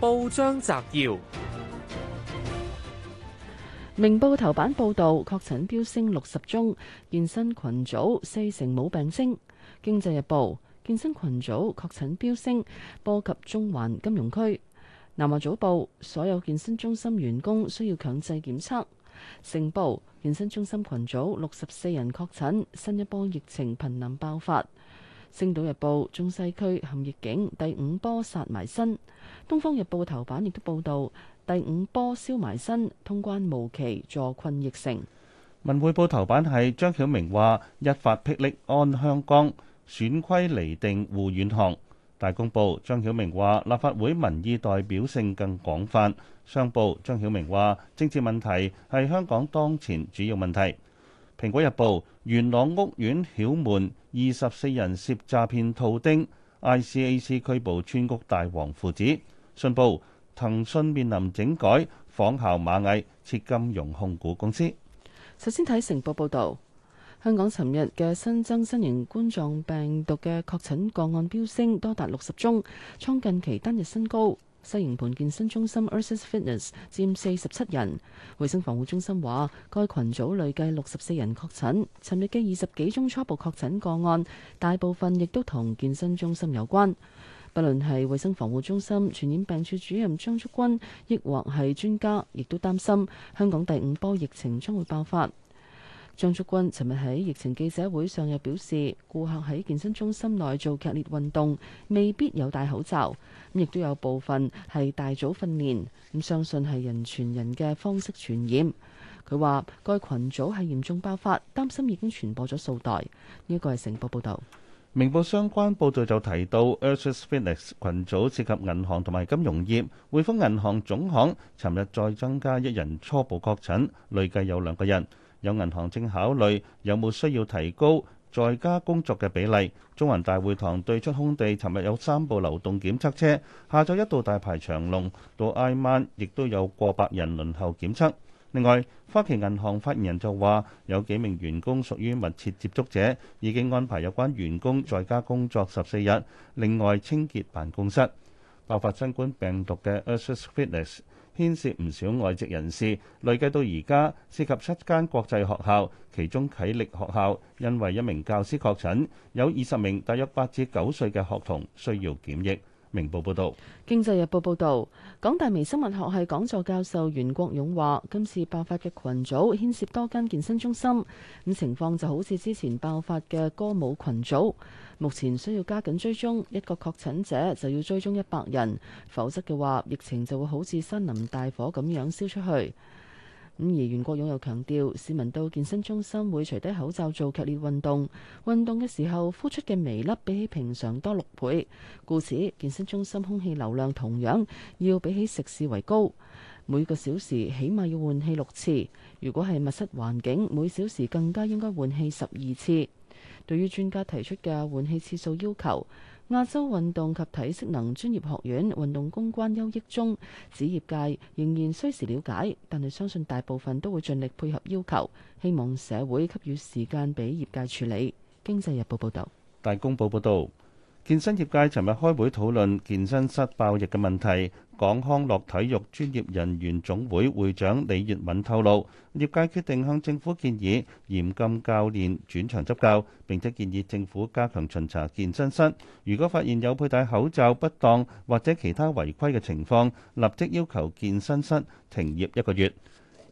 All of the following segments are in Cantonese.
報章摘要：明報頭版報道，確診飆升六十宗，健身群組四成冇病徵。經濟日報，健身群組確診飆升，波及中環金融區。南華早報，所有健身中心員工需要強制檢測。成報，健身中心群組六十四人確診，新一波疫情瀕臨爆發。《星島日報》中西區陷疫境，第五波殺埋身；《東方日報》頭版亦都報道第五波燒埋身，通關無期，坐困疫城。《文匯報》頭版係張曉明話一發霹靂安香江，選規釐定護遠航。大公報張曉明話立法會民意代表性更廣泛。商報張曉明話政治問題係香港當前主要問題。《蘋果日報》元朗屋苑曉門二十四人涉詐騙套丁 ICAC 拘捕村屋大王父子。信報：騰訊面臨整改，仿效螞蟻設金融控股公司。首先睇成報報導，香港尋日嘅新增新型冠狀病毒嘅確診個案飆升，多達六十宗，創近期單日新高。西營盤健身中心 Ursus Fitness 佔四十七人。衛生防護中心話，該群組累計六十四人確診。尋日嘅二十幾宗初步確診個案，大部分亦都同健身中心有關。不論係衛生防護中心、傳染病處主任張竹君，亦或係專家，亦都擔心香港第五波疫情將會爆發。張竹君尋日喺疫情記者會上又表示，顧客喺健身中心內做劇烈運動未必有戴口罩，咁亦都有部分係大組訓練，咁相信係人傳人嘅方式傳染。佢話：該群組係嚴重爆發，擔心已經傳播咗數代。呢個係成報報導。明報相關報導就提到 Ursus Fitness 群組涉及銀行同埋金融業，匯豐銀行總行尋日再增加一人初步確診，累計有兩個人。有銀行正考慮有冇需要提高在家工作嘅比例。中環大會堂對出空地，尋日有三部流動檢測車，下晝一度大排長龍。到挨晚亦都有過百人輪候檢測。另外，花旗銀行發言人就話，有幾名員工屬於密切接觸者，已經安排有關員工在家工作十四日，另外清潔辦公室。爆發新冠病毒嘅 Ursus Fitness 牽涉唔少外籍人士，累計到而家，涉及七間國際學校，其中啟力學校，因為一名教師確診，有二十名大約八至九歲嘅學童需要檢疫。明報報道：《經濟日報》報導，港大微生物學系講座教授袁國勇話：今次爆發嘅群組牽涉多間健身中心，咁情況就好似之前爆發嘅歌舞群組，目前需要加緊追蹤，一個確診者就要追蹤一百人，否則嘅話，疫情就會好似森林大火咁樣燒出去。咁而袁國勇又強調，市民到健身中心會除低口罩做劇烈運動，運動嘅時候呼出嘅微粒比起平常多六倍。故此，健身中心空氣流量同樣要比起食肆為高，每個小時起碼要換氣六次。如果係密室環境，每小時更加應該換氣十二次。對於專家提出嘅換氣次數要求，亞洲運動及體適能專業學院運動公關優益中指業界仍然需時了解，但係相信大部分都會盡力配合要求，希望社會給予時間俾業界處理。經濟日報報道，大公報報道。健身業界尋日開會討論健身室爆疫嘅問題。港康樂體育專業人員總會會長李月敏透露，業界決定向政府建議嚴禁教練轉場執教，並且建議政府加強巡查健身室。如果發現有佩戴口罩不當或者其他違規嘅情況，立即要求健身室停業一個月。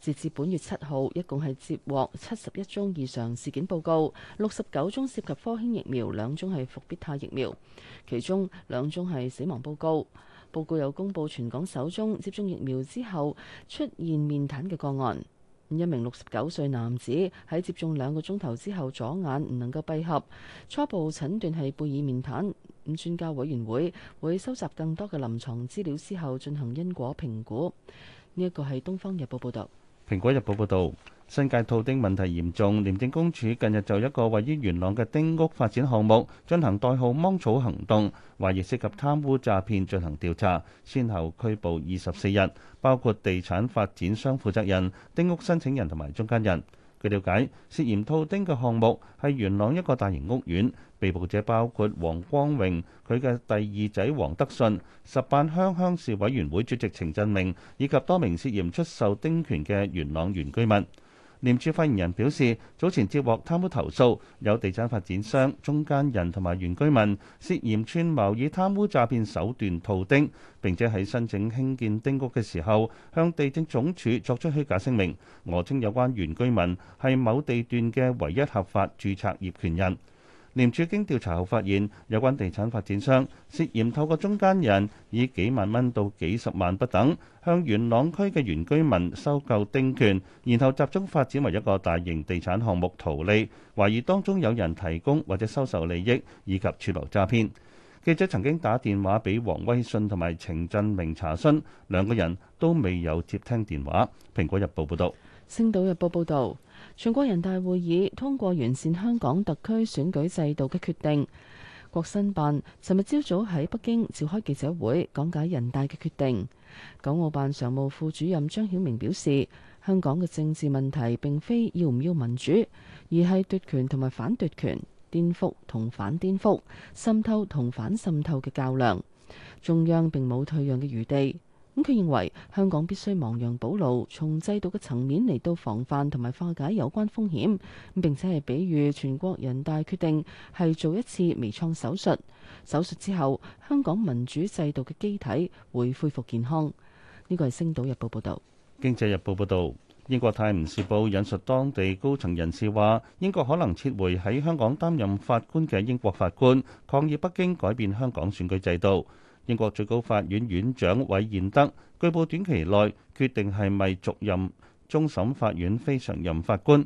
截至本月七號，一共係接獲七十一宗異常事件報告，六十九宗涉及科興疫苗，兩宗係復必泰疫苗，其中兩宗係死亡報告。報告又公布全港首宗接種疫苗之後出現面癱嘅個案，一名六十九歲男子喺接種兩個鐘頭之後左眼唔能夠閉合，初步診斷係貝爾面癱。咁專家委員會會收集更多嘅臨床資料之後進行因果評估。呢一個係《東方日報》報道。《蘋果日報》報導，新界套丁問題嚴重，廉政公署近日就一個位於元朗嘅丁屋發展項目進行代號「芒草行動」，懷疑涉及貪污詐騙進行調查，先後拘捕二十四人，包括地產發展商負責人、丁屋申請人同埋中間人。據了解，涉嫌套丁嘅項目係元朗一個大型屋苑，被捕者包括黃光榮、佢嘅第二仔黃德信、十八鄉鄉事委員會主席程振明以及多名涉嫌出售丁權嘅元朗原居民。廉署發言人表示，早前接獲貪污投訴，有地產發展商、中間人同埋原居民涉嫌串謀以貪污詐騙手段套丁，並且喺申請興建丁屋嘅時候，向地政總署作出虛假聲明，訛稱有關原居民係某地段嘅唯一合法注冊業權人。廉署經調查後發現，有關地產發展商涉嫌透過中間人，以幾萬蚊到幾十萬不等，向元朗區嘅原居民收購丁權，然後集中發展為一個大型地產項目圖利。懷疑當中有人提供或者收受利益，以及串謀詐騙。記者曾經打電話俾黃威信同埋程振明查詢，兩個人都未有接聽電話。蘋果日報報導。《星島日報》報導，全國人大會議通過完善香港特區選舉制度嘅決定。國新辦尋日朝早喺北京召開記者會，講解人大嘅決定。港澳辦常務副主任張曉明表示，香港嘅政治問題並非要唔要民主，而係奪權同埋反奪權、顛覆同反顛覆、滲透同反滲透嘅較量。中央並冇退讓嘅餘地。咁，佢認為香港必須亡羊補牢，從制度嘅層面嚟到防範同埋化解有關風險。咁並且係比喻全國人大決定係做一次微創手術，手術之後，香港民主制度嘅機體會恢復健康。呢個係星島日報報道。經濟日報報道，英國《泰晤士報》引述當地高層人士話，英國可能撤回喺香港擔任法官嘅英國法官，抗議北京改變香港選舉制度。英國最高法院院長韋彥德據報短期內決定係咪續任終審法院非常任法官。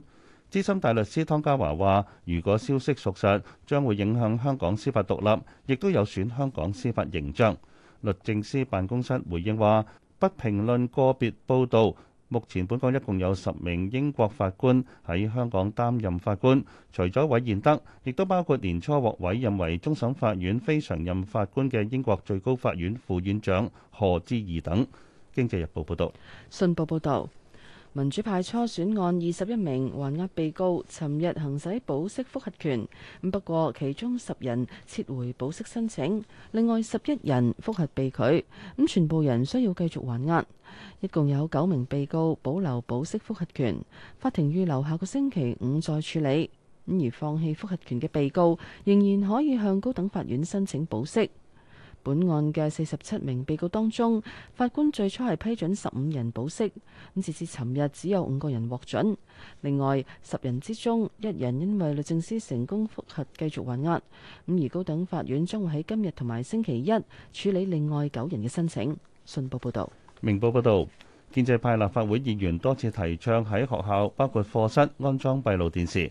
資深大律師湯家驊話，如果消息屬實，將會影響香港司法獨立，亦都有損香港司法形象。律政司辦公室回應話，不評論個別報道。目前本港一共有十名英國法官喺香港擔任法官，除咗韋彥德，亦都包括年初獲委任為終審法院非常任法官嘅英國最高法院副院長何志儀等。經濟日報報道。信報報導。民主派初選案二十一名還押被告，尋日行使保釋覆核權。不過其中十人撤回保釋申請，另外十一人覆核被拒。咁全部人需要繼續還押。一共有九名被告保留保釋覆核權，法庭預留下個星期五再處理。咁而放棄覆核權嘅被告仍然可以向高等法院申請保釋。本案嘅四十七名被告當中，法官最初係批准十五人保釋，咁直至尋日只有五個人獲准。另外十人之中，一人因為律政司成功覆核繼續還押，咁而高等法院將會喺今日同埋星期一處理另外九人嘅申請。信報報道，明報報道，建制派立法會議員多次提倡喺學校，包括課室，安裝閉路電視。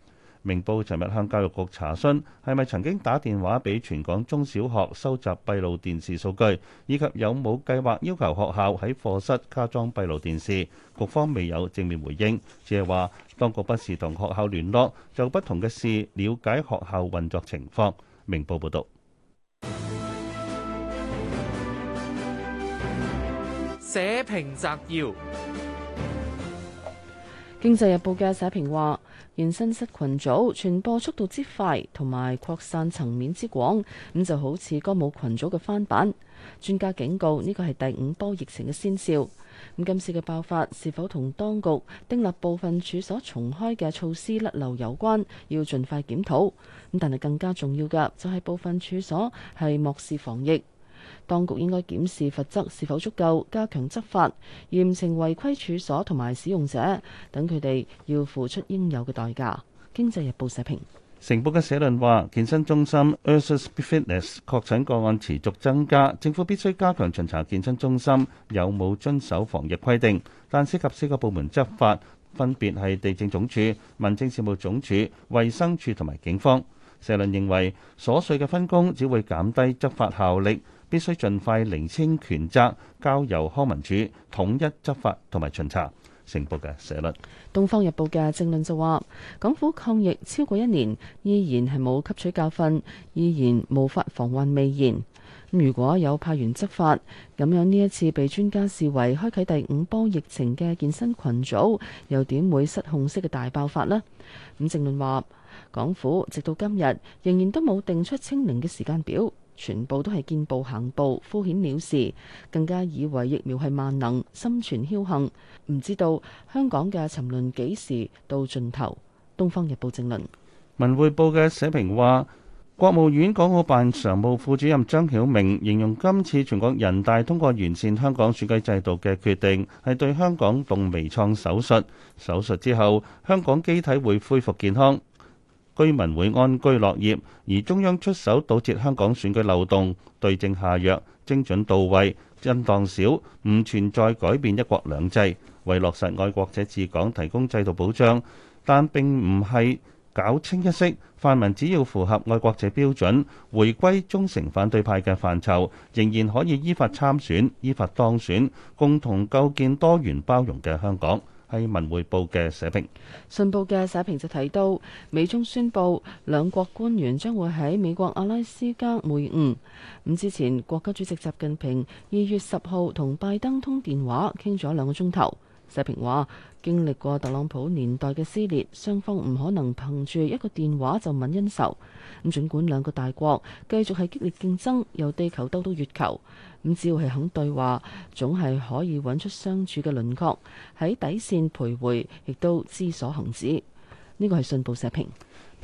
明報尋日向教育局查詢，係咪曾經打電話俾全港中小學收集閉路電視數據，以及有冇計劃要求學校喺課室加裝閉路電視？局方未有正面回應，只係話當局不時同學校聯絡，就不同嘅事了解學校運作情況。明報報導。社評摘要。《經濟日報》嘅社評話：原新室群組傳播速度之快，同埋擴散層面之廣，咁就好似歌舞群組嘅翻版。專家警告呢個係第五波疫情嘅先兆。咁今次嘅爆發是否同當局訂立部分處所重開嘅措施甩漏有關，要盡快檢討。咁但係更加重要嘅就係部分處所係漠視防疫。當局應該檢視罰則是否足夠，加強執法，嚴懲違規處所同埋使用者，等佢哋要付出應有嘅代價。經濟日報社評，成報嘅社論話：健身中心 Urban Fitness 確診個案持續增加，政府必須加強巡查健身中心有冇遵守防疫規定。但涉及四個部門執法，分別係地政總署、民政事務總署、衞生署同埋警方。社論認為，瑣碎嘅分工只會減低執法效力。必須盡快釐清權責，交由康文署統一執法同埋巡查。成報嘅社論，《東方日報》嘅政論就話：港府抗疫超過一年，依然係冇吸取教訓，依然無法防患未然。如果有派員執法，咁樣呢一次被專家視為開啟第五波疫情嘅健身群組，又點會失控式嘅大爆發呢？咁政論話：港府直到今日仍然都冇定出清零嘅時間表。全部都係見步行步，敷衍了事，更加以為疫苗係萬能，心存僥倖，唔知道香港嘅沉淪幾時到盡頭。《東方日報》正論，《文匯報》嘅社評話，國務院港澳辦常務副主任張曉明形容今次全國人大通過完善香港選舉制度嘅決定係對香港動微創手術，手術之後香港機體會恢復健康。居民會安居樂業，而中央出手堵截香港選舉漏洞，對症下藥，精準到位，震盪少，唔存在改變一國兩制，為落實愛國者治港提供制度保障。但並唔係搞清一色，泛民只要符合愛國者標準，回歸忠誠反對派嘅範疇，仍然可以依法參選、依法當選，共同構建多元包容嘅香港。喺《文匯報》嘅社評，《信報》嘅社評就提到，美中宣布兩國官員將會喺美國阿拉斯加會晤。咁之前，國家主席習近平二月十號同拜登通電話，傾咗兩個鐘頭。社評話，經歷過特朗普年代嘅撕裂，雙方唔可能憑住一個電話就泯恩仇。咁儘管兩個大國繼續係激烈競爭，由地球兜到月球，咁只要係肯對話，總係可以搵出相處嘅輪廓。喺底線徘徊，亦都知所行止。呢個係《信報》社評。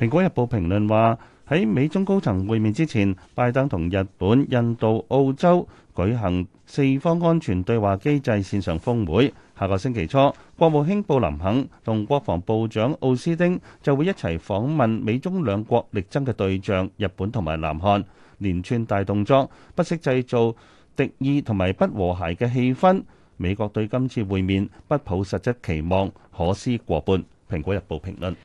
《蘋果日報》評論話。喺美中高層會面之前，拜登同日本、印度、澳洲舉行四方安全對話機制線上峰會。下個星期初，國務卿布林肯同國防部長奧斯丁就會一齊訪問美中兩國力爭嘅對象日本同埋南韓。連串大動作，不惜製造敵意同埋不和諧嘅氣氛。美國對今次會面不抱實質期望，可思過半。《蘋果日報》評論。